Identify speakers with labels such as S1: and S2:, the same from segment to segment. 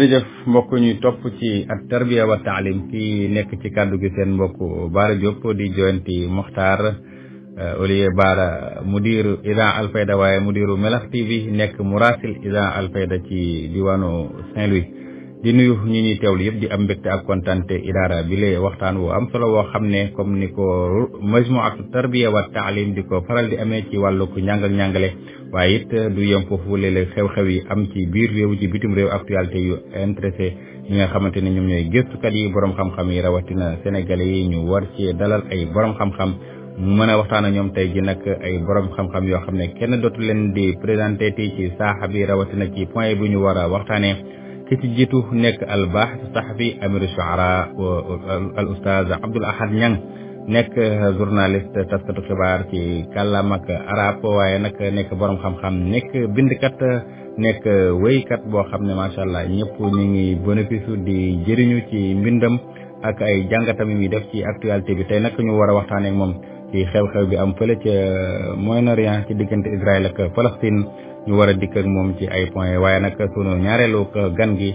S1: jërëjëf mbokk ñuy topp ci at tarbiya wa taalim ki nekk ci kàddu gi seen mbokk Baara Diop di joyanti Mokhtar Olie euh, Baara mudiru Ida Alfayda waaye mudiru Melax TV nekk murasil Ida Alfayda ci diwaanu Saint-Louis di nuyu ñu ñuy teewlu yëpp di am mbégte ak kontante idaara bi waxtaan wu am solo woo xam ne comme ni ko majmu ak tarbiya wa taalim di ko faral di amee ci wàllu ku ñàngal ñàngale waaye it du yem foofu xew-xew yi am ci biir réew ci bitim réew actualité yu intéressé ñi nga xamante ne ñoom ñooy gëstukat yi borom xam-xam yi rawatina sénégal yi ñu war ci dalal ay borom xam-xam mën a waxtaan ak ñoom tey ji nag ay borom xam-xam yoo xam ne kenn dootu leen di présenté ti ci saaxa bi rawatina ci point bu ñu war a waxtaanee ki ci jiitu nekk al baaxit saxafi amiru shuara al ustaaz Abdul Ahad Ñang nekk journaliste taskatu xibaar ci kàllaam ak waaye nag nekk borom xam-xam nekk bindkat nekk wéykat boo xam ne macha allah ñëpp ñu ngi bénéfice di jëriñu ci mbindam ak ay jàngatam yi def ci actualité bi tey nag ñu war a waxtaanee moom ci xew-xew bi am fële ca Moyen-Orient ci diggante Israël ak Palestine. ñu war a dikk ak moom ci ay point waaye nag sunu ñaareelu gan gi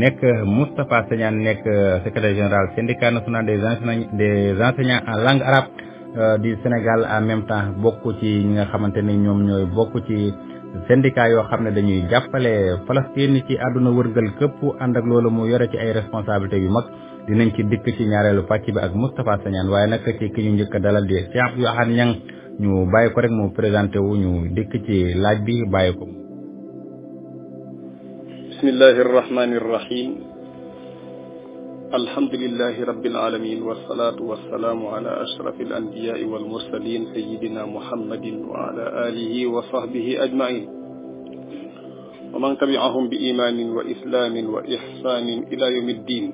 S1: nekk Moustapha Sagnane nekk euh, secrétaire général syndicat national des enseignants des enseignants en langue arabe euh, du Sénégal en même temps bokk ci ñi nga xamante ni ñoom ñooy bokk ci syndicat yoo xam ne dañuy jàppale Palestine ci àdduna wërngal këpp ànd ak loolu mu yore ci ay responsabilités yu mag dinañ ci dikk ci ñaareelu pàcc bi ak Moustapha Sagnane waaye nag ci ki ñu njëkk dalal di Cheikh Yohan Niang ñu bàyyi ko rek mu présenté wu ñu dikk ci laaj bi bàyyi ko
S2: bismillahi arrahmani arrahim الحمد لله رب العالمين والصلاة والسلام على أشرف الأنبياء والمرسلين سيدنا محمد وعلى آله وصحبه أجمعين ومن تبعهم بإيمان وإسلام وإحسان إلى يوم الدين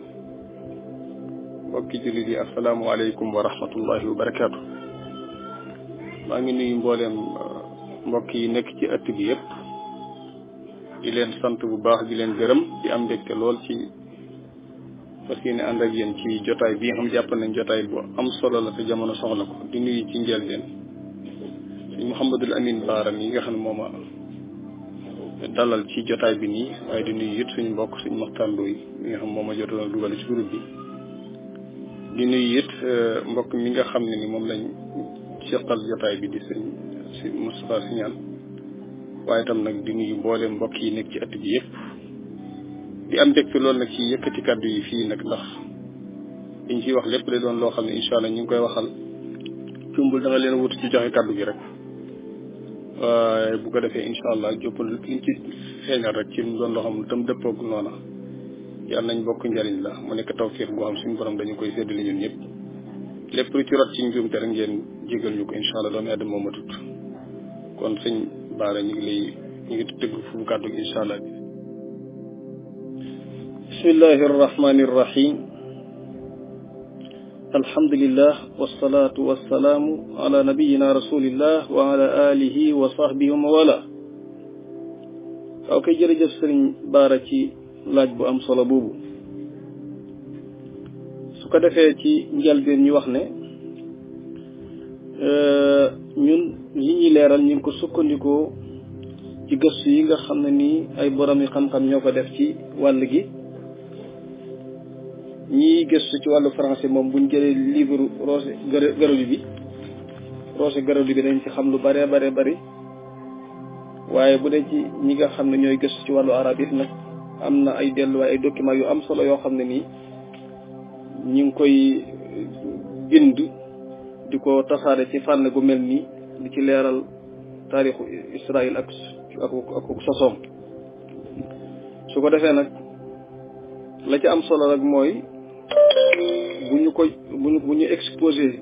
S2: وبكجلد السلام عليكم ورحمة الله وبركاته maa ngi nuyu mbooleem uh, mbokk yi nekk ci ëtt bi yëpp di leen sant bu baax di leen gërëm di am mbégte lool ci fas yéene ànd ak yéen ci jotaay bi nga xam jàpp nañ jotaay bu am solo la te jamono soxla ko di nuyu ci njëlbeen suñ Mouhamadul Amin Baara mi nga xam ne mooma ci jotaay bi nii waaye di nuyu mbokk suñu maxtaandoo yi mi nga xam moom a jotoon a uh, mbokk mi nga xam ne ni moom lañ seqal jotaay bi di sëñ si Moustapha waaye tam nag di nuyu mboolem mbokk yi nekk ci at bi yëpp di am mbégte loolu nag ci yëkkati kàddu yi fii nag ndax liñ ciy wax lépp la doon loo xam ne incha allah ñu ngi koy waxal cumbul da nga leen wut ci joxe kàddu gi rek waaye bu ko defee incha allah jóppal liñ ci feeñal rek ci mu doon loo xam ne tam dëppoog noona yàlla nañ bokk njariñ la mu nekk tawfiq boo xam suñ suñu borom dañu koy séddale ñun ñëpp lépp lu ci rot ci njuumte rek ngeen jégal ñuko inshallah do med mo matut kon sëñ Baara ñi ngi lay ñi ngi tëgg fu gaddu inshallah bismillahir rahmanir rahim الحمد لله والصلاة والسلام على نبينا رسول الله وعلى آله وصحبه alihi wa sahbihi wa wala waaw kay jërëjëf sëriñ su ko defee ci bi ñu wax ne euh, ñun li ñuy leeral ñu ngi ko sukkandikoo ci gëstu yi nga xam ne nii ay borom yi xam-xam ñoo ko def ci wàll gi ñii gëstu ci wàllu français moom buñ jëlee livre Roose Garaudy bi Roose Garaudy bi dañ ci xam lu bare bare bari waaye bu dee ci ñi nga xam ne ñooy gëstu ci wàllu arab yi nag am na ay delluwaay ay document yu am solo yoo xam ne nii ñi ngi koy eh, bind di ko tasaare ci fànn gu mel nii di ci leeral taarixu Israël ak ak ak sosoom su ko defee nag la ci am solo rek mooy bu ñu koy bu ñu bu ñu exposé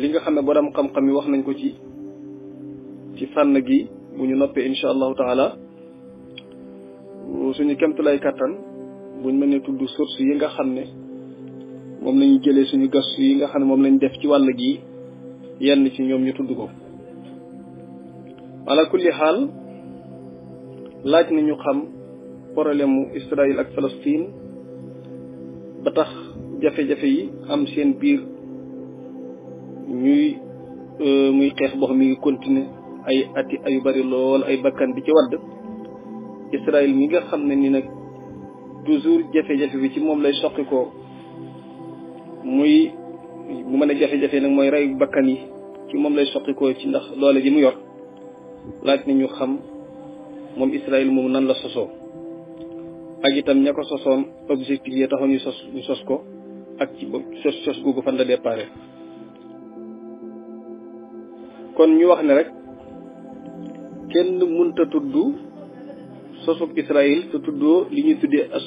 S2: li nga xam ne boroom xam-xam yi wax nañ ko ci ci fànn gi bu ñu noppee incha allahu taala suñu kemtulay kattan buñ mel a tudd source yi nga xam ne mom lañu jëlé suñu gas yi nga xamne mom lañu def ci wàll gi yenn ci ñoom ñu tudd ko ala kulli hal laaj nañu xam problème Israël ak Palestine ba tax jafe-jafe yi am seen biir ñuy muy xeex boo xam mi ngi continuer ay ati ay bari lool ay bakkan bi ci wadd Israël mi nga xam ne ni nag toujours jafe-jafe bi ci moom lay soqi ko muy mu mën a jafe-jafe nag mooy rey bakkan yi ci moom lay soqikoo ci ndax doole ji mu yor laaj na ñu xam moom israel moom nan la sosoo ak itam ña ko sosoon objectif yi ya taxoon ñu sos ñu sos ko ak ci sos sos googu fan la déparé kon ñu wax ne rek kenn munta tudd sosub israel te tuddoo li ñuy tuddee as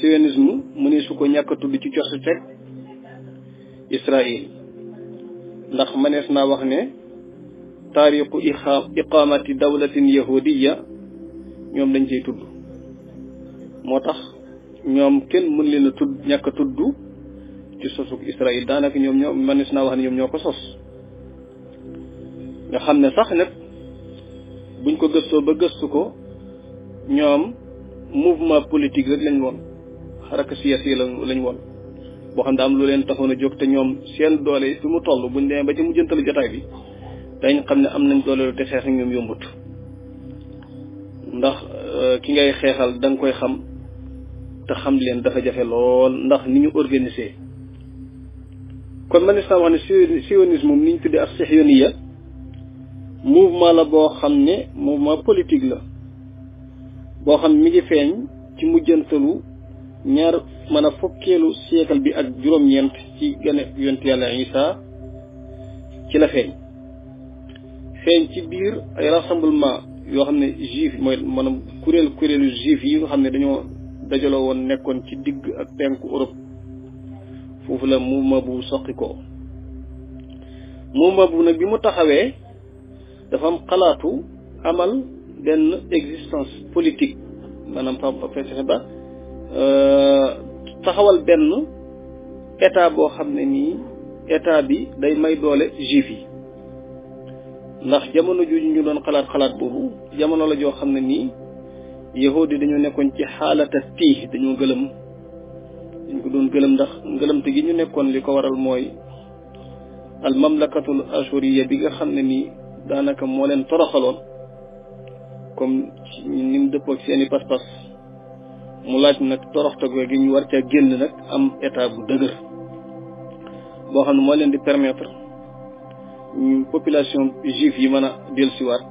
S2: sionisme mu ne su ko ñàkk tudd ci cosu teg israil ndax manees naa wax ne taariqu iqamati dawlatin yahudiya ñoom dañ cey tudd moo tax ñoom kenn mën leen a tudd ñàkk tudd ci sosuk israil daanaka ñoom ñoo manees naa wax ne ñoom ñoo sos nga xam sax nag buñ ko gëstoo ba gëstu ko ñoom mouvement politique rek lañ woon rakk si yi la lañ woon boo xam ne am lu leen taxoon a jóg te ñoom seen doole fi mu toll buñ demee ba ci mujjantalu jotaay bi dañ xam ne am nañ doole te xeex ak ñoom yombut ndax euh, ki ngay xeexal da koy xam te xam leen dafa jafe lool ndax ni ñu organisé kon man islam wax ne sionisme moom ni ñu tuddee ak sixioniya mouvement la boo xam ne mouvement politique la boo xam mi ngi feeñ ci mujjantalu ñaar mën a fukkeelu siècle bi ak juróom-ñeent ci gane yonent yàlla Isa ci la feeñ feeñ ci biir ay rassemblement yoo xam ne juif mooy maanaam kuréel kuréelu juif yi nga xam ne dañoo dajaloo woon nekkoon ci digg ak penku Europe foofu la mouvement bu soqi ko mouvement bu nag bi mu taxawee dafa am xalaatu amal benn existence politique maanaam fa fexe ba Euh, taxawal benn état boo xam ne nii état bi day may doole juif yi ndax jamono jooju ñu doon xalaat xalaat boobu jamono la joo xam ne nii yahudi yi dañoo nekkoon ci xaalata tii dañoo gëlëm dañ ko doon gëlëm ndax ngëlëmte gi ñu nekkoon li ko waral mooy al mamlakatul ashuriya bi nga xam ne nii daanaka moo leen toroxaloon comme ni mu dëppoo ak seeni pas-pas mu laaj nag toroxte googu gi ñu war caa génn nag am état bu dëgër boo xam ne moo leen di permettre population juif yi mën a dellusiwaat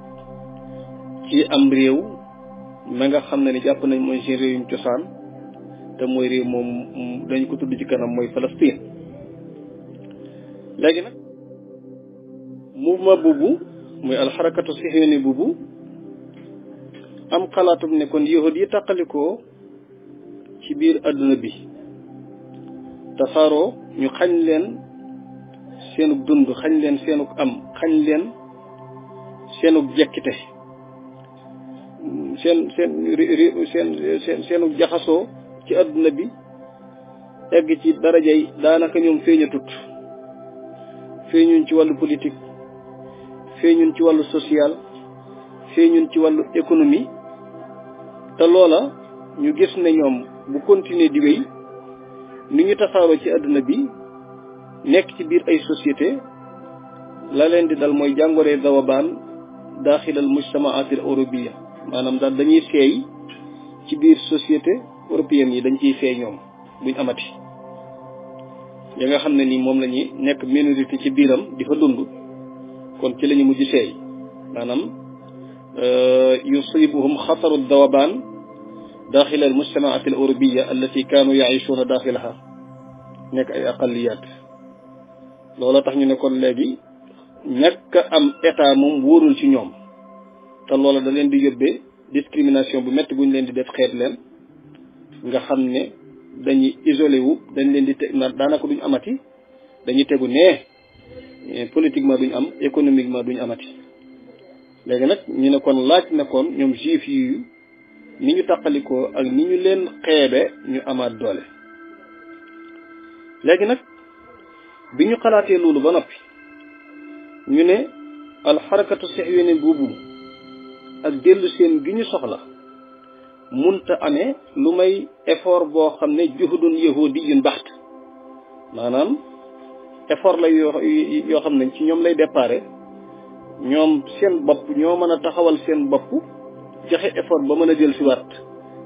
S2: ci am réew ma nga xam ne ni jàpp nañ mooy seen réewum cosaan te mooy réew moom dañ ko tudd ci kanam mooy Palestine léegi nag mouvement boobu muy alxarakatu sihiyoni boobu am xalaatum ne kon yahud yi tàqalikoo ci biir àdduna bi tasaaroo ñu xañ leen seenug dund xañ leen seenug am xañ leen seenug jekkite seen seen seen jaxasoo ci àdduna bi egg ci darajay daanaka ñoom feeñatut feeñuñ ci wàllu politik feeñuñ ci wàllu social feeñuñ ci wàllu économie te loola ñu gis ne ñoom bu continuer di wéy ni ñu tasaaroo ci àdduna bi nekk ci biir ay société la leen di dal mooy jàngoree dawabaan daaxilal mujtamaatil eurobiya maanaam daal dañuy feey ci biir société européenne yi dañ ciy feey ñoom buñ amati ya nga xam ne ni moom lañuy ñuy nekk minorité ci biiram di fa dund kon ci lañu ñu mujj feey maanaam euh, yusibuhum xataru dawabaan داخل المجتمعات الأوروبية التي كانوا يعيشون داخلها نك أي أقليات لولا تحني نكون ne نك أم ñàkk ورول تنيوم تلولا دلين دي يبه discrimination bu métti buñ leen di def xeet leen nga xam ne dañuy isolé wu dañ leen di teg na daanaka duñ amati dañuy tegu ne politiquement duñ am économiquement duñ amati léegi nag ñu ne kon laaj na kon ñoom juif yi ni ñu taqalikoo ak ni ñu leen xeebe ñu amaat doole léegi nag bi ñu xalaatee loolu ba noppi ñu ne alxarakatu sexwene boobu ak dellu seen gi ñu soxla munta amee lu may effort boo xam ne juhudun yahudiyun baxt maanaam effort la yoo yoo xam ne ci ñoom lay déparé ñoom seen bopp ñoo mën a taxawal seen bopp joxe effort ba mën a jël siwaat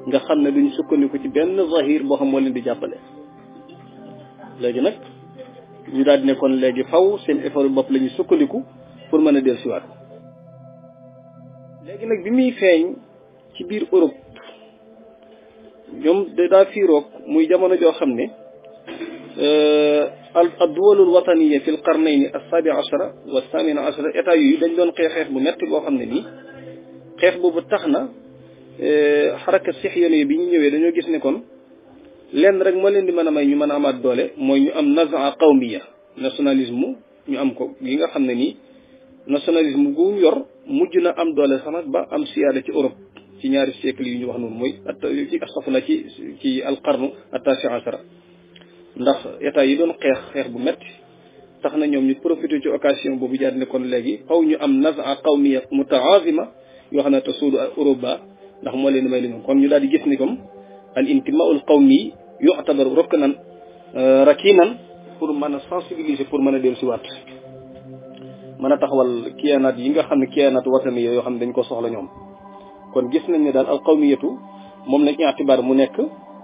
S2: nga xam ne duñ sukkandiku ci benn zahir boo xam moo leen di jàppale léegi nag ñu daal di ne léegi faw seen effort bopp la ñuy sukkandiku pour mën a del siwaat léegi nag bi muy feeñ ci biir Europe ñoom da daa fiiroog muy jamono joo xam ne euh, adduwalul wataniya fil qarnayni as-sabi ashara wa samina ashara état yi dañ doon xeex mu nett metti boo xam ne nii xeex boobu tax na eh, xaraka sixyoon yi bi ñu ñëwee dañoo gis ne kon lenn rek moo leen di mën a may ñu mën a amaat doole mooy ñu am nazaa qawmiya nationalisme ñu am ko yi nga xam ne nii nationalisme gu yor mujj na am doole sax nag ba am siyaada ci Europe ci ñaari siècle yu ñu wax noonu mooy at ci astafurlah ci ci alqarnu attaché ra ndax état yi doon xeex xeex bu metti tax na ñoom ñu profité ci occasion boobu jaar ne kon léegi faw ñu am nazaa qawmiya mutaazima yoo xam ne te suudu Europa ndax moo leen may li kon ñu daal di gis ni comme al intimaul qawmi yu'tabaru ruknan euh, rakinan pour mën a sensibiliser pour mën a dellu si waat mën a taxawal kiyaanaat yi nga xam ne kiyaanaat watani yoo xam ne dañ ko soxla ñoom kon gis nañ ne daal al qawmiyatu moom lañ itibaar mu nekk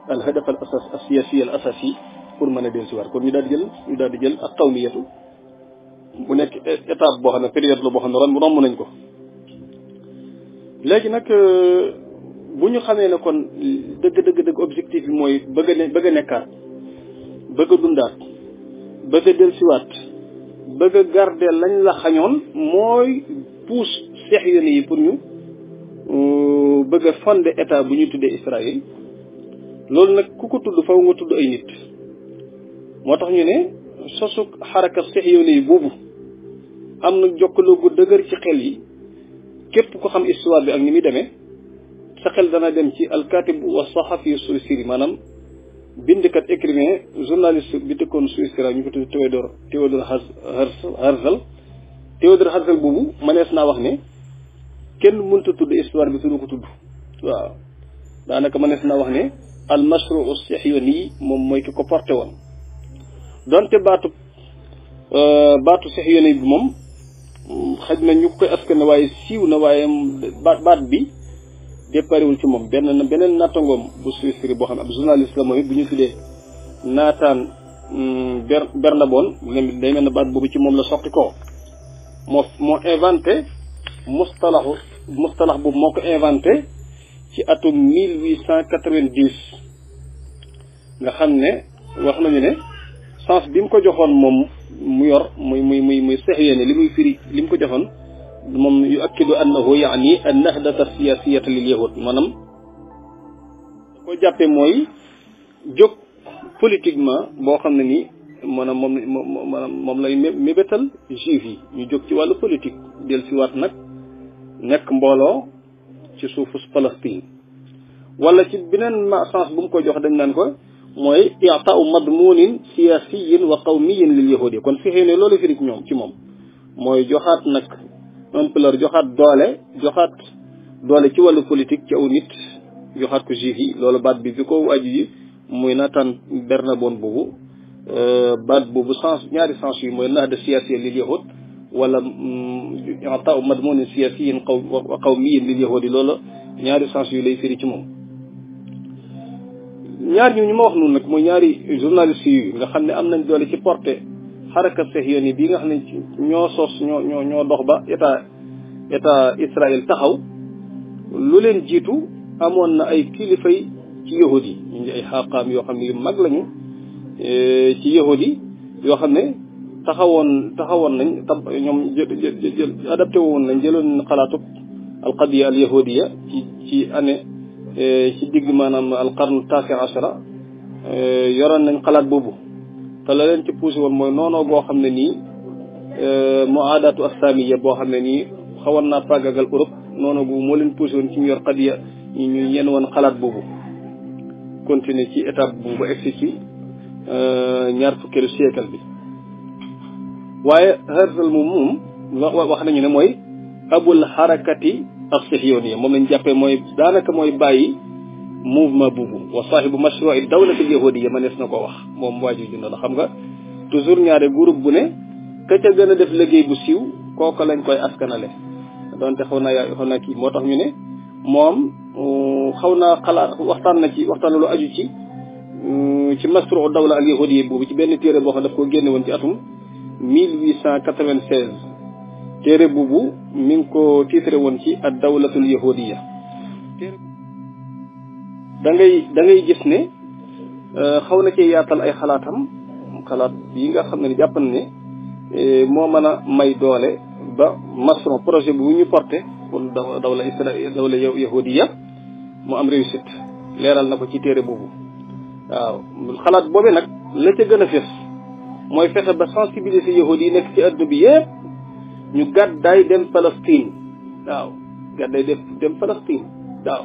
S2: al hadaf al asas al siyasi al asasi pour mën a dellu si waat kon ñu daal di jël ñu daal di jël al qawmiyatu mu nekk étape boo xam ne période la boo xam ne ron romb nañ ko léegi nag euh, bu ñu xamee ne kon dëgg dëgg dëgg objectif bi mooy bëgg a nekkaat bëgg a dundaat bëgg a bëgg a garder lañ la xañoon mooy puus seex yoon yi pour ñu euh, bëgg a fondé état bu ñu tuddee Israël loolu nag ku ko tudd faw nga tudd ay nit moo tax ñu ne sosuk xaraka seex yoon yi boobu am na jokkaloo dëgër ci xel yi képp ko xam histoire bi ak ni muy demee sa xel dana dem ci alkatib wa saxafi Suysiri maanaam bindkat écrivain journaliste bi dëkkoon Suysira ñu ko tudd Théodore Théodore Herzl Théodore Herzl boobu manees naa wax ne kenn mënta tudd histoire bi tudd ko tudd waaw daanaka manees naa wax ne al mashruu sihyoni moom mooy ki ko porté woon donte baatu baatu sihyoni bi moom xaj na ñu koy askan waaye siiw na waaye baat baat bi déparewul ci moom benn na beneen nattangoom bu Suisse boo xam ne ab journaliste la moom it bu ñu tuddee naataan mm, ber bernabon day mel ne baat boobu ci moom la soqi koo moo moo inventé mustalaxu mustalax boobu moo ko inventé ci atum mille huit cent quatre vingt xam ne wax nañu ne sens bi mu ko joxoon moom mu yor muy muy muy muy saxiya ne li muy firi li mu ko joxoon moom yu akkidu annahu yaani an nahdata siyasiyata lil yahud maanaam da ko jàppe mooy jog politiquement boo xam ne ni maanaam moom moom lay mébétal juif yi ñu jóg ci wàllu politique del si waat nag nekk mbooloo ci suufus Palestine wala ci beneen sens bu mu ko jox dañ naan ko mooy i'ta'u madmunin siyasiyin wa qawmiyin lil yahudi kon fexee ne loolu firig ñoom ci moom mooy joxaat nag ampleur joxaat doole joxaat doole ci wàllu politique ci aw nit joxaat ko juif yi loolu baat bi bi ko aju yi muy naataan Bernabon boobu euh, baat boobu sens ñaari sens yi mooy nahda siyasiyin lil yahud wala mm, i'ta'u madmunin siyasiyin wa qawmiyin lil di loolu ñaari sens yi lay firi ci moom ñaar ñu ñu ma wax noonu nag mooy ñaari journalistes yi nga xam ne am nañ doole ci porté xaraka sahyoni bii nga xam ne ñoo sos ñoo ñoo ñoo dox ba état état Israël taxaw lu leen jiitu amoon na ay kilifay ci yahud yi ñu ngi ay xaqaam yoo xam ne yu mag lañu e, ci yahud yi yoo xam ne taxawoon taxawoon nañ tab ñoom jël adapté woon nañ jëloon xalaatub alqadiya al yahudiya ci ci année Euh, ci digg maanaam alqarnu taasi ashara euh, yoroon nañ xalaat boobu te la leen ci poussé woon mooy noonoo goo xam ne nii euh, mu aadaatu assaamiya boo xam ne nii xawoon naa faagagal Europe noonu gu moo leen poussé woon ci ñu yor xadiya ñu ñu yenn woon xalaat boobu continuer ci étape bu ba egsi ci ñaar fukkeelu siècle bi waaye Herzl moom moom wax nañu ne mooy abul harakati as yoon yi moom lañ jàppee mooy daanaka mooy bàyyi mouvement boobu wa saahibu mashru'i dawlati al-yahudiyya ma nees na ko wax moom waa ji jundoon xam nga toujours ñaare groupe bu ne ka ca gën def liggéey bu siiw kooka lañ koy askanale donte xaw naa yaa xaw naa kii moo tax ñu ne moom euh, xaw naa xalaat waxtaan na ci waxtaan lu aju ci euh, ci masru dawla al yahudi boobu ci benn téere boo xam ne daf ko génne woon ci atum mille huit téere boobu mi ngi ko tiitre woon ci ad dawlatul yahudiya da ngay da gis ne euh, xaw na cee yaatal ay xalaatam xalaat yi nga xam ne jàpp na ne euh, moo mën a may doole ba Macron projet bu ñu porté pour dawla isra dawla yahudiya mu am réussite leeral na ko ci téere boobu waaw xalaat boobee nag la ca gën a fës mooy fexe ba sensibiliser yahudi nekk ci adduna bi yëpp ñu gàddaay dem Palestine waaw gàddaay def dem Palestine waaw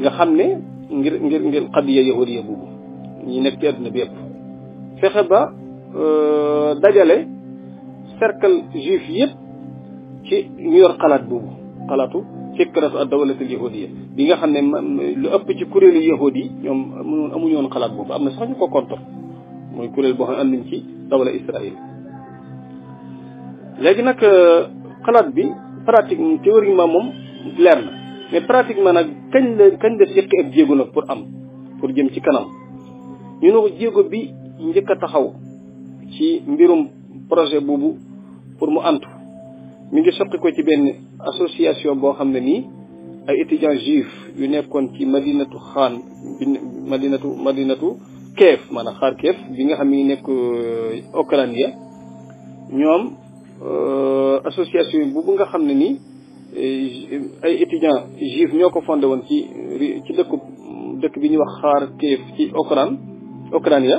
S2: nga xam ne ngir ngir ngir xadiya yahudiya boobu ñi nekk ci àdduna bi yëpp fexe ba dajale cercle juif yëpp ci ñu yor xalaat boobu xalaatu fikratu ad dawlatul yahudiya bi nga xam ne lu ëpp ci kuréelu yahud yi ñoom amuñu woon xalaat boobu am na sax ñu ko contre mooy kuréel boo xam ne am nañ ci dawla Israël léegi nag euh, xalaat bi pratique théoriquement moom leer na mais pratiquement nag kañ la kañ la seq ak jéego nag pour am pour jëm ci kanam ñu ne ko bi njëkk a taxaw ci mbirum projet boobu pour mu ant mu ngi soqi ko ci benn association boo xam ne nii ay étudiants juifs yu nekkoon ci madinatu xaan bi madinatu madinatu keef maanaam xaar keef bi nga xam ne nekk Ukraine euh, ñoom Euh, association bu nga xam ne nii eh, ay étudiants juifs ñoo ko fondé woon ci ci dëkk dëkk bi ñuy wax xaar kéef ci Okran Okrania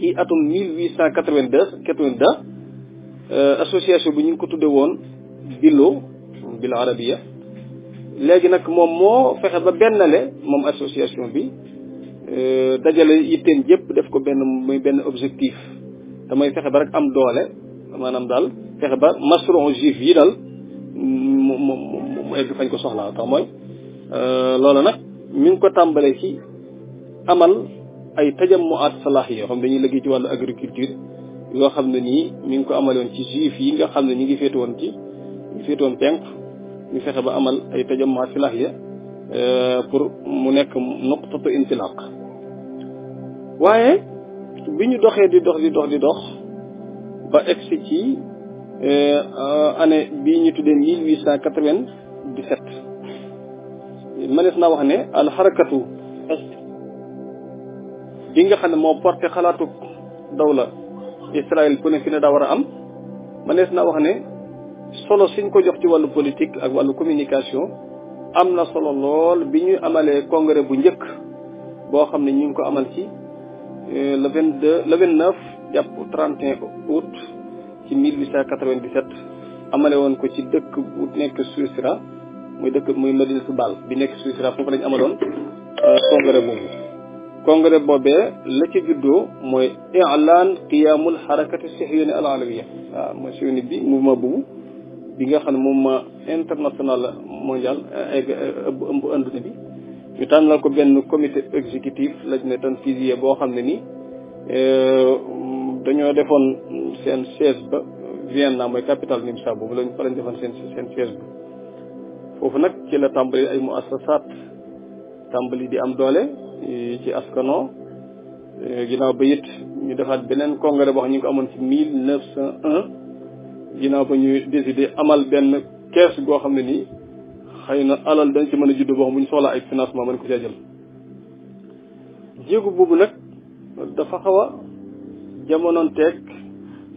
S2: ci atum mille huit cent quatre-vingt-deux quatre-vingt-deux euh, association bi ñu ko tudde woon Billo bil arabia léegi nag moom moo fexe ba bennale moom association bi euh, dajale yitteem jëpp def ko benn muy benn objectif damay fexe ba rek am doole manam dal fex ba masru juif yi dal mu mu mu egg fañ ko taw moy euh lolo nak mi ngi ko tambalé ci amal ay tajammuat salah yoo xam dañuy liggéey ci walu agriculture yo xamna ni mi ngi ko won ci juif yi nga xamna ngi won ci won penk fexé ba amal ay tajammuat salah ya euh, pour mu nekk nuqtatu intilaq waaye biñu doxé di dox di dox di dox ba egsi ci euh, année bi ñu tuddee mille huit cent quatre-vingt-dix-sept mënees naa wax ne alxarakatu bi nga xam ne moo porté xalaatu daw Israël ku ne daa war a am mënees naa wax ne solo suñ ko jox ci wàllu politique ak wàllu communication am na solo lool bi ñuy amalee congrès bu njëkk boo xam ne ñu ngi ko amal ci euh, le vingt deux le neuf jàpp 31 août ci 1897 amale woon ko ci dëkk bu nekk Suisra muy dëkk muy su bal bi nekk Suisra foofu lañ amaloon
S1: euh, congrès boobu
S2: congrès boobee la ci juddoo mooy i'lan qiyamul harakati sihyani al alawiya waaw mooy sihyani bi mouvement boobu bi nga xam ne ma international mondial euh, euh, ëmb ëmb àdduna bi ñu tànnal ko benn comité exécutif lañ ne tan fisier boo xam ne ni dañoo defoon seen siège ba Vienne naa mooy capital Nimsa boobu lañ fa defoon seen seen siège foofu nag ci tàmbali ay mu muassasaat tàmbali di am doole ci askano eh, ginnaaw ba it ñu defaat beneen congrès boo xam ñu ngi ko amoon ci mille neuf cent un ginnaaw ba ñu décidé amal benn kees goo xam ne nii xëy na alal dañ ci mën a judd boo xam bu ñu soxla ay financement mën ko cee jël jéego boobu nag dafa xaw jamonon tek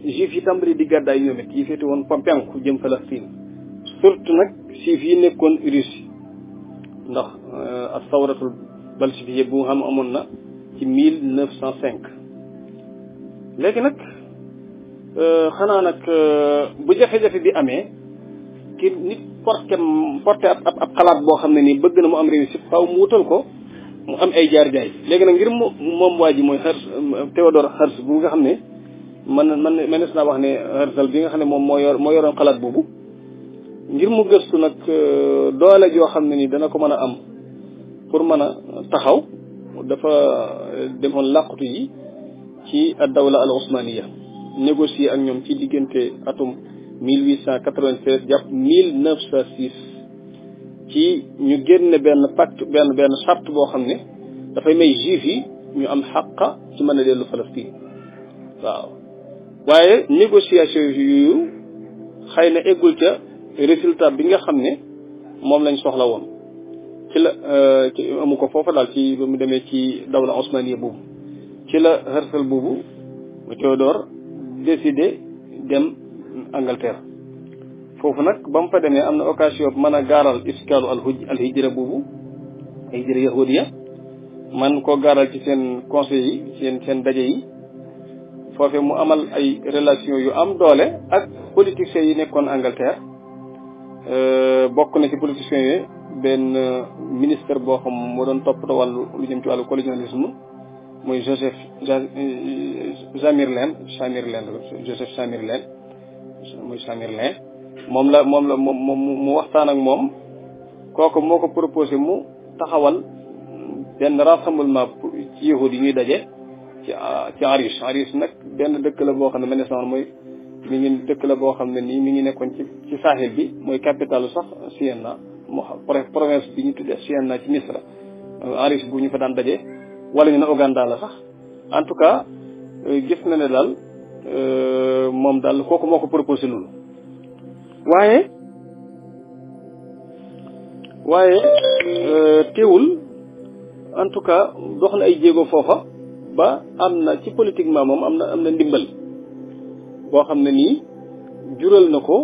S2: juif yi tàmbali di gadda ñoom it yi féete woon ku jëm falastin surtout nak juif fi nekkoon Russie ndax ak sawratul bolchevique bu nga xam amoon na ci 1905 legi nak xana nak bu jafe-jafe bi amé ki nit porté porté ab ab xalaat boo xam ne nii bëgg na mu am réussite faaw mu wutal ko mu am ay jaar jaay léegi nag ngir moom waa ji mooy xars Théodore xars bu nga xam ne man man mënees naa wax ne xarsal bi nga xam ne moom moo yor moo yoroon xalaat boobu ngir mu gëstu nag euh, doole joo xam ne ni dana ko mën a am pour mën a taxaw dafa demoon làqutu yi ci addawla al osmaniya négocier ak ñoom ci diggante atum 1896 jàpp 1906 ci ñu génn benn pact benn benn charte boo xam ne dafay may juif yi ñu am xàqa ci mën a dellu Palestine waaw waaye négociation yooyu xëy na eggul ca résultat bi nga xam ne moom lañ soxla woon ci la ci amu ko foofa daal ci ba mu demee ci dawla osmania boobu ci la Herzl boobu Théodore décider dem Angleterre foofu nag ba mu fa demee am na occasion man a gaaral iskaalu alhijra boobu hijra yahudiya man koo gaaral ci seen conseil yi seen daje yi foofe mu amal ay relation yu am doole ak politiciens yi nekkoon Angleterre euh, bokk na ci politiciens yi benn ministre boo xam moo doon toppatoo wàllu lu jëm ci wàllu colonialisme mooy Joseph Chamberlain Chamberlain Joseph Chamberlain mooy Chamberlain moom la moom la moom mu waxtaan ak moom kooku moo ko proposé mu taxawal benn rassemblement ci yahud yi ñuy daje ci ci Arish nag benn dëkk la boo xam ne ma ne sama mooy mi ngi dëkk la boo xam ne nii mi ngi nekkoon ci ci bi mooy capitale sax Sienna mu province bi ñu tuddee Sienna ci Misra Arish bu ñu fa daan daje wala ñu ne Ouganda la sax en tout cas gis na ne daal euh, moom daal kooku moo ko proposé loolu waaye waaye euh, teewul en tout cas dox na ay jéego foofa ba am na ci politiquement moom am na am na ndimbal boo xam ne nii jural na ko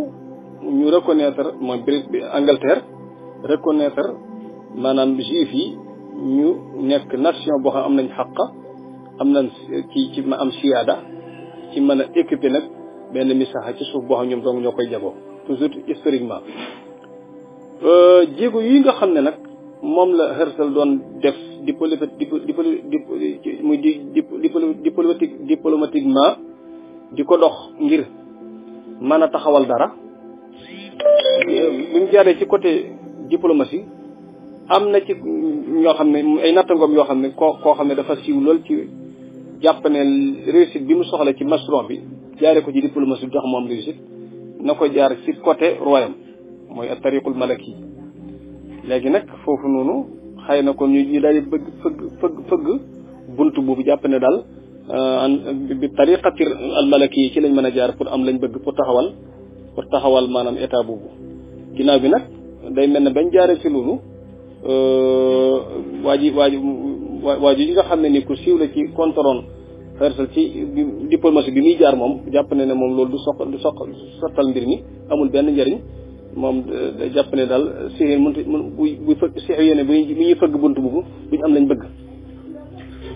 S2: ñu reconnaître mooy Brit bi Angleterre reconnaître maanaam juif yi ñu nekk nation boo xam am nañ xaq am nañ ci ci ma am siyaada ci mën a équiper nag benn misaaxa ci suuf boo xam ñoom dong koy jagoo toujours historiquement euh, jéego yi nga xam ne nag moom la Herzl doon def dipoli di muy di diplomatique diplomatiquement di ko dox ngir mën a taxawal dara bi mu jaaree ci côté diplomatie am na ci ñoo xam ne ay nattangoom yoo xam ne koo koo xam ne dafa siiw lool ci jàpp ne réussite bi mu soxla ci masron bi jaaree ko ci diplomatie bi tax mu am réussite na ko jaar ci côté royam mooy at tariqul malaki léegi nag foofu noonu xëy na kon ñu daal di bëgg fëgg fëgg bunt boobu jàpp ne daal euh, bi tariqati al malaki yi ci lañ mën a jaar pour am lañ bëgg pour taxawal pour taxawal maanaam état boobu ginnaaw bi nag day mel ne bañ jaaree ci loolu euh, waa ji waa ji waa ji nga xam ne ni ku siiw la ci contrôle fersal ci diplomatie bi muy jaar moom jàpp ne ne moom loolu du soq du soq sottal mbir mi amul benn njariñ moom da jàpp ne daal mun mënta buy buy fëgg sixéer yéene bu ñuy fëgg bunt boobu duñu am nañ bëgg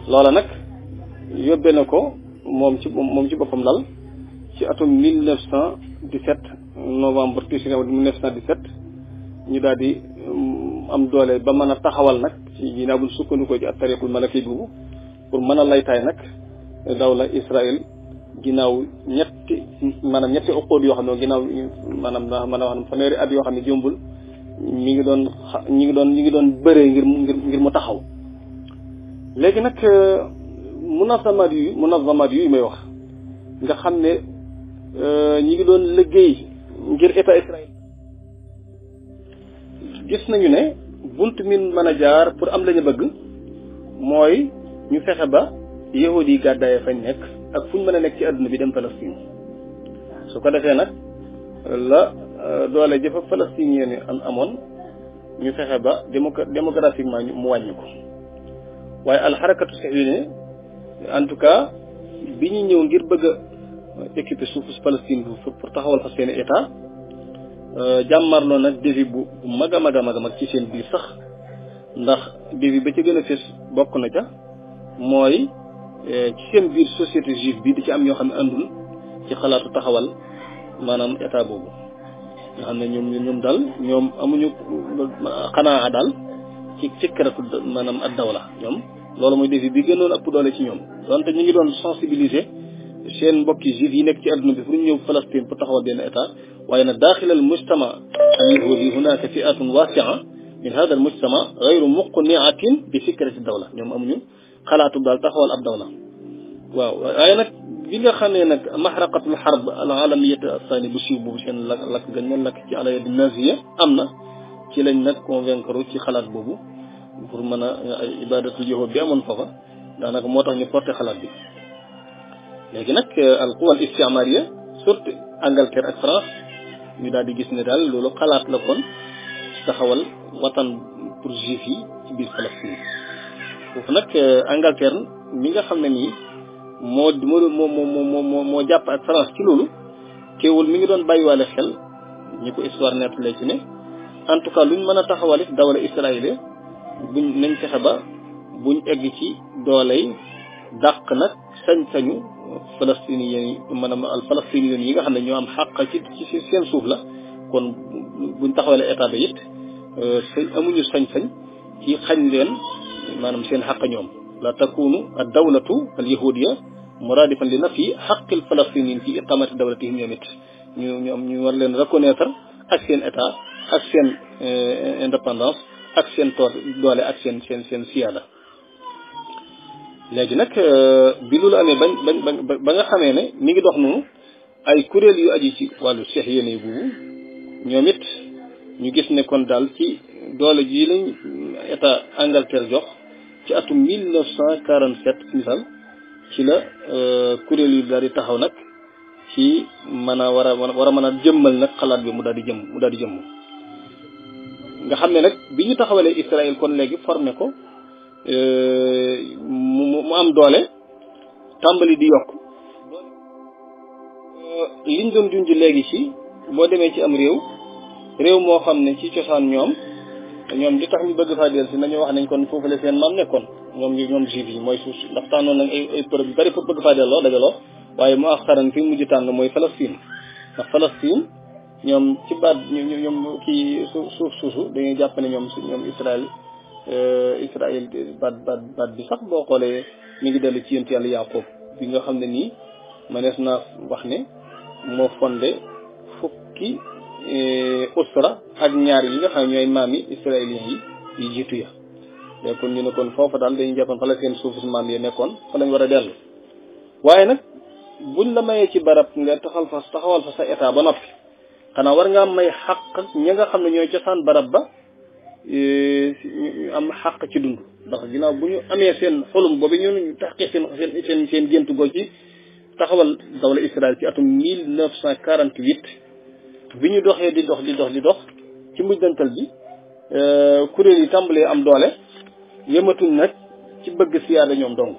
S2: loola nag yóbbee na ko moom ci ci boppam daal ci atum mille neuf cent dix-sept novembre tuuti mille neuf cent dix-sept ñu daal di mm, am doole ba mën a taxawal nag ci ginnaaw bu sukkandikoo ci ab tariqul malaki boobu pour mën a laytaay nag daw dawla Israël ginnaaw ñetti maanaam ñetti uquud yoo xam ne ginnaaw maanaam mën a wax ne fanweeri at yoo xam ne jombul mi ngi doon ñi ngi doon ñi ngi doon bëree ngir ngir ngir mu taxaw léegi nag euh, munazamaat yu munazamaat yu may wax nga xam ne euh, ñi ngi doon léggéey ngir état Israël gis nañu ne bunt min mën a jaar pour am la ñu bëgg mooy ñu fexe ba yahudi yi gàddaaye fañ nekk ak fuñ mën a nekk ci àdduna bi dem Palestine su ko defee nag la doole jëfa Palestine yéen am amoon ñu fexe ba démocratiquement démographiquement mu wàññi ko waaye alxarakatu sahiyune en tout cas bi ñu ñëw ngir bëgg a équiper suufu Palestine bu pour taxawal fa seen état jàmmarloo nag défi bu mag a mag a mag mag ci seen biir sax ndax défi ba ci gën a fés bokk na ca mooy ci seen biir société juif bi di ci am ñoo xam ne àndul ci xalaatu taxawal maanaam état boobu nga xam ne ñoom ñoom daal ñoom amuñu xanaa daal ci ci këratu maanaam ad dawla ñoom loolu mooy défi bi gënoon ëpp doole ci ñoom donte ñu ngi doon sensibiliser seen mbokki juif yi nekk ci àdduna bi pour ñu ñëw Palestine pour taxawal benn état waaye nag daaxil al mujtama al bi hunaka fi'atun wasia min hada al mujtama gayru muqni'atin bi fikrati dawla ñoom amuñu خلات بالتا خول اب دولا واو اي نك بيغا خاني نك محرقه الحرب العالميه الثانيه بشي بو سين لاك غن لاك سي على يد النازيه امنا سي لاني نك كونفينكرو سي خلات بوبو بور مانا عباده اليهود بي امون فوفا دا نك موتاخ ني بورتي خلات بي لكن نك القوى الاستعماريه سورت انجلترا اك فرانس ñu daal di gis ne daal loolu xalaat la kon pour juif ci biir Palestine foofu nag Angleterre mi nga xam ne nii moo moo moo moo moo jàpp ak France ci loolu teewul mi ngi doon bàyyiwaale xel ñi ko histoire nettalee ci ne en tout cas luñ mën a taxawal it dawla israélien buñ nañ fexe ba buñ egg ci dooley dàq nag sañ-sañu palestinien yi maanaam al palestinien yi nga xam ne ñoo am xàq ci ci seen suuf la kon buñ taxawalee état bi it amuñu sañ-sañ ci xañ leen manam seen xaq ñoom la takunu ad-dawlatu al-yahudiyya muradifan li nafi haqq al-falastinin fi iqamati dawlatihim yamit ñu ñoom ñu war leen reconnaître ak seen état ak seen euh, indépendance ak seen tor doole ak seen seen seen siyaada léegi nag euh, bi loolu amee bañ bañ ba nga xamee ne mi ngi dox noonu ay kuréel yu aji ci wàllu cheikh yéene boobu ñoom it ñu gis ne kon daal ci doole ji lañ état Angleterre jox ci atum 1947 ci misaal ci la euh, kuréel yu daal di taxaw nag ci mën a war a war a mën a jëmmal nag xalaat bi mu daal di jëm mu daal di jëmm nga xam ne nag bi ñu taxawalee Israël kon léegi formé ko euh, mu mu am doole tàmbali di yokk euh, liñ doon junj léegi ci boo demee ci am réew réew moo xam ne ci cosaan ñoom te ñoom li tax ñu bëgg faa dellu si nañu wax nañ kon foofu la seen maam nekkoon ñoom ñu ñoom juif yi mooy suuf si ndax tànnoon nañ ay ay preuve yu bëgg faa delloo dajaloo waaye mu axaran fi mujj tànn mooy Palestine ndax Palestine ñoom ci baat ñoom kii suuf suuf suusu dañuy jàpp ne ñoom ñoom Israël euh, Israël baat baat bi sax boo xoolee mi ngi dellu ci yonent yàlla Yaaqub bi nga xam ne nii mënees na wax ne moo fondé fukki Eh, usra ak ñaar yi nga xam ñooy maam yi israéliens yi yi jiitu ya kon ñu ne kon foofa daal dañu jàppoon fa la seen suufu maam yi ya nekkoon fa lañ war a dellu waaye nag buñ la mayee ci barab nga taxal fa taxawal fa sa état ba noppi xanaa war ngaa may xaq ña nga xam ne ñooy cosaan barab ba eh, am xaq ci dund ndax ginnaaw bu ñu amee seen xulum boobu ñu ñu taxqee seen seen seen seen gént goo ci taxawal dawla israel ci atum 1948 bi ñu doxee di dox di dox di dox ci mujjantal bi kuréel yi tàmbalee am doole yematuñ nag ci bëgg siyaada ñoom dong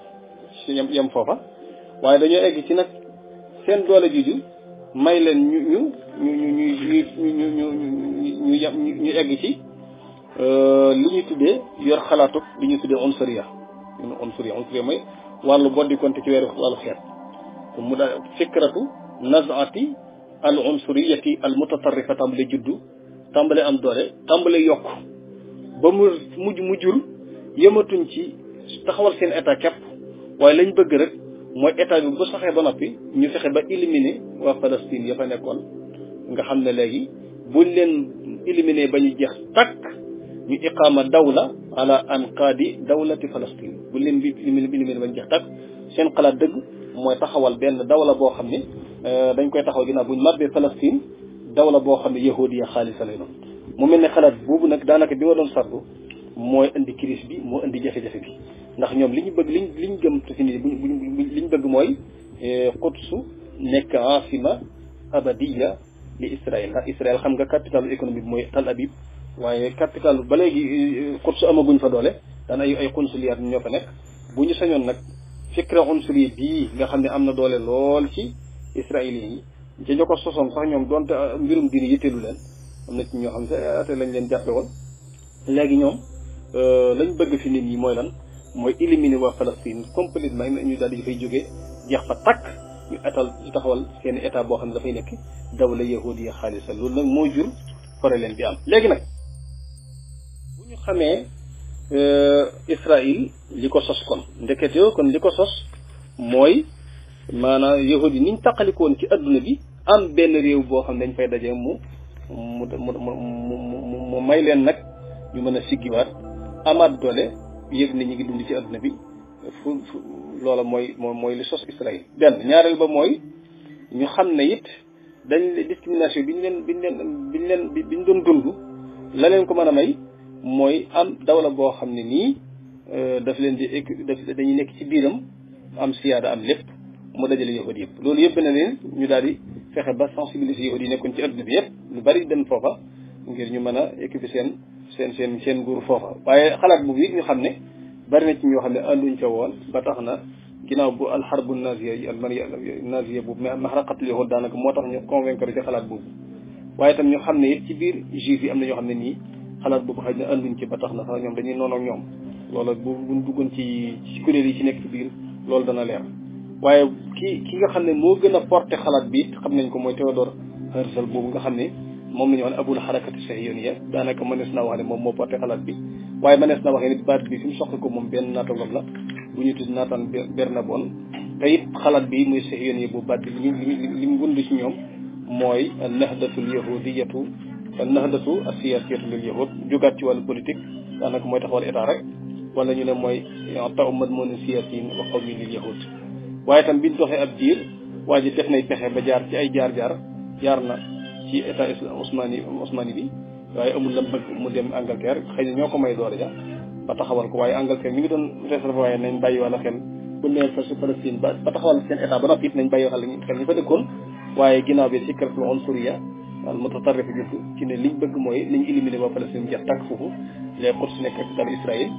S2: si yem yem foofa waaye dañoo egg ci nag seen doole jiju may leen ñu ñu ñu ñu ñu ñu ñu ñu ñu egg ci li ñu tuddee yor xalaatu li ñu tuddee unsuriya ñu unsuriya unsuriya mooy wàllu boddi konte ci weeru wàllu xeet mu daal fikratu nazati al unsuriyati al mutatarrifa tàmbale juddu tàmbale am doole tàmbale yokk ba mu mujj mu jur yëmatuñ ci taxawal seen état képp waaye lañ bëgg rek mooy état bi bu saxee ba noppi ñu fexe ba éliminer waa Palestine ya fa nekkoon nga xam ne léegi buñ leen éliminer ba ñu jeex takk ñu iqaama dawla ala anqaadi dawlati Palestine buñ leen bi éliminer ba ñu jeex takk seen xalaat dëgg mooy taxawal benn dawla boo xam ne Euh, dañ koy taxaw ginnaaw buñ mabbee daw dawla boo xam ne yahudiya xaalisa lay doon mu mel ni xalaat boobu nag daanaka bi ma doon sardu mooy indi crise bi moo indi jafe-jafe bi ndax ñoom li bëgg liñ liñ gëm tuuti nii buñ li ñu bëgg mooy euh, Quds nekk asima abadiya li Israël ndax Israël xam nga capitalu économique bi mooy Tel Aviv waaye capitalu ba léegi euh, Quds amaguñ fa doole daan ay ay consulaire ñoo fa nekk bu ñu sañoon nag fikra unsuri bii nga xam ne am na doole lool ci israéliens yi ca ña ko sosoon sax ñoom donte euh, mbirum diine yitteelu leen am na ci ñoo xam ne ate euh, leen jàppe woon léegi ñoom euh, lañ bëgg fi nit ñi mooy lan mooy éliminer waa Palestine complètement ñu daal di fay jógee jeex fa takk ñu étal ñu taxawal seen état boo xam ne dafay nekk dawla yahudiya xaalisa loolu nag moo jur problème bi am léegi nag bu ñu xamee Israël li ko sos kon ndeket yoo kon li ko sos mooy maanaam yahudi niñ taqalikoon ci adduna bi am benn réew boo xam ne dañ fay daje mu mu mu mu may leen nag ñu mën a siggiwaat amaat doole yëg ne ñu ngi dund ci adduna bi fu fu loola mooy mooy li sos Israël. benn ñaareel ba mooy ñu xam ne it dañ leen discrimination bi ñu leen bi ñu leen bi ñu doon dund la leen ko mën a may mooy am dawla boo xam ne nii euh, daf leen di daf dañuy nekk ci biiram am siyaada am lépp. mu dajale yahud yëpp loolu yëpp na leen ñu daal di fexe ba sensibiliser yahud yi nekkoon ci adduna bi yëpp lu bari dem foofa ngir ñu mën a équiper seen seen seen seen nguur foofa waaye xalaat boobu it ñu xam ne bari na ci ñoo xam ne ànduñ ca woon ba tax na ginnaaw bu alxarbu naziya yi almariya naziya boobu mais maxraqatul yahud daanaka moo tax ñu convaincre ci xalaat boobu waaye tam ñu xam ne it ci biir juif yi am na ñoo xam ne nii xalaat boobu xëy na ànduñ ci ba tax na sax ñoom dañuy noonu ak ñoom loola bu buñ duggoon ci ci yi ci nekk ci biir loolu dana leer waaye ki ki nga xam ne moo gën a porté xalaat bi xam nañ ko mooy Théodore Herzl boobu nga xam ne moom la ñu wax abul xarakati sahyoniya daanaka mënees naa wax ne moom moo porté xalaat bi waaye mënees naa wax ne baat bi fi mu soxla moom benn naatangam la bu ñu tudd naataan Bernabon te it xalaat bi muy sahyoniya bu baat bi li li mu wund ci ñoom mooy nahdatul yahudiyatu nahdatu asiyasiyatu lil yahud jógaat ci wàllu politique daanaka mooy taxawal état rek wala ñu ne mooy taw madmonu siyasin wa qawmi lil yahud waaye tam bi doxee ab diir waa ji def nay pexe ba jaar ci ay jaar-jaar jaar na ci état osmani osmani bi waaye amul lam bëgg mu dem Angleterre xëy na ñoo ko may doole ja ba taxawal ko waaye Angleterre mi ngi doon réservé waaye nañ bàyyi wala xel bu neen fa si Palestine nañ bàyyi xel xel ñu fa dëkkoon waaye ginnaaw bi si kër la Suria al mutatarrif jëpp ci ne liñ bëgg mooy nañ éliminé ba Palestine jeex tàkk foofu les Quds nekk capitale Israël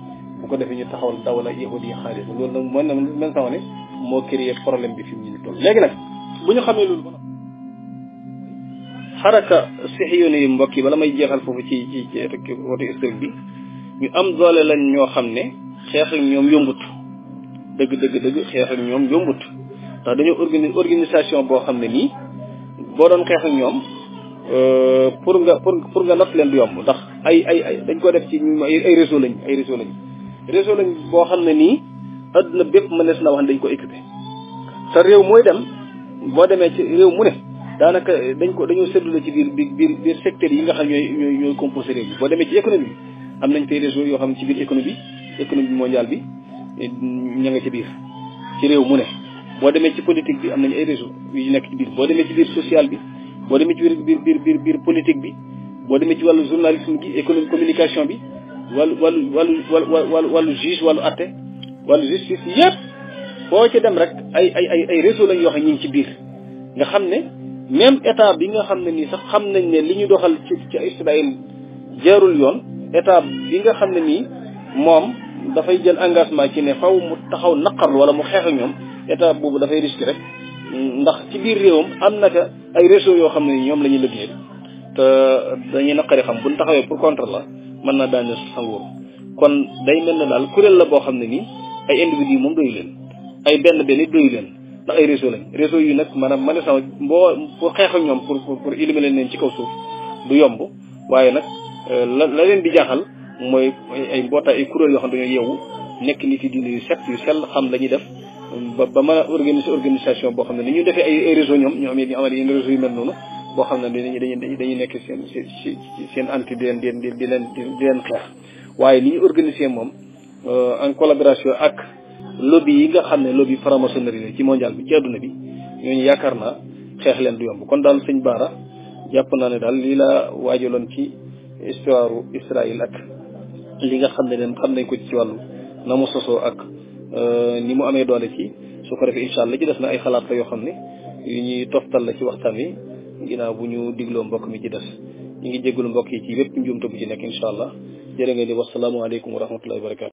S2: bu ko defee ñu taxawal dawla yahudi yi xaalis loolu nag mën na moo créé problème bi fi mu ñu toll léegi nag bu ñu xamee loolu ba xaraka sixiyoon yi mbokk yi bala may jeexal foofu ci ci ci côté historique bi ñu am doole lañ ñoo xam ne xeex ak ñoom yombut dëgg dëgg dëgg xeex ak ñoom yombut ndax dañoo organi organisation boo xam ne nii boo doon xeex ñoom euh, pour nga pour pour nga natt leen du yomb ndax ay ay ay dañ ko def ci ay réseau lañ ay réseau lañ réseau lañ boo xam ne nii adduna bépp mënees na wax ne dañ ko équipé sa réew mooy dem boo demee ci réew mu ne daanaka dañ ko dañoo seddule ci biir biir biir secteurs yi nga xam ñooy ñooy ñooy composé réew bi boo demee ci économie réseau yoo xam ne ci biir économie bi économie mondiale bi ña nga ci biir ci réew mu ne boo demee ci politique bi am nañ ay réseau yu nekk ci biir boo demee ci biir social bi boo demee ci biir biir biir politique bi boo demee ci wàllu journalisme gi économie communication bi wàllu wàllu wàllu wàllu wàllu juge wàllu atte wala justice yëpp foo ci dem rek ay ay ay ay réseau lañ yoo xam ñu ngi ci biir nga xam ne même état bi nga xam ne nii sax xam nañ ne li ñu doxal ci ci Israël jaarul yoon état bi nga xam ne nii moom dafay jël engagement ci ne faw mu taxaw naqarlu wala mu xeex ak ñoom état boobu dafay risque rek ndax ci biir réewam am na ka ay réseau yoo xam ne ñoom la ñuy te dañuy naqari xam bu ñu taxawee pour contre la mën na daañu sa kon day mel ne daal kuréel la boo xam ne nii ay individu moom doyu leen ay benn benn doyu leen ndax ay réseau lañ réseau yi nag maanaam man sama mboo pour xeex ñoom pour pour éliminer leen ci kaw suuf du yomb waaye nag euh, la la leen di jaaxal mooy ay mbootaay ay kuréel yoo xam dañoo yeewu nekk nit yi diine yu set yu sell xam la def ba ba a organisation boo xam ne ni ñu defee ay réseau ñoom ñoo xam ne ñu amal yenn réseau yu mel noonu boo xam ne dañuy dañuy dañuy nekk seen seen seen entité di leen di leen di leen xeex waaye ni ñu moom Euh, en collaboration ak lobby yi nga xam lobby franc-maçonnerie ci mondial bi ci aduna bi ñooñu yaakaar naa xex leen du yomb kon dal señ bara japp na ne dal lila wajulon ci histoire Israël ak li nga xam dem xam nañ ko ci walu na mu ak euh, ni mu amé doole ci su ko inshallah ci def na ay xalaat la yo xam yu ñi toftal la ci waxtan wi ginnaaw bu ñu diglo mbokk mi ci def ñi ngi jéggul mbokk yi ci yépp bu ci nek inshallah allah ngeen di wa rahmatullahi wa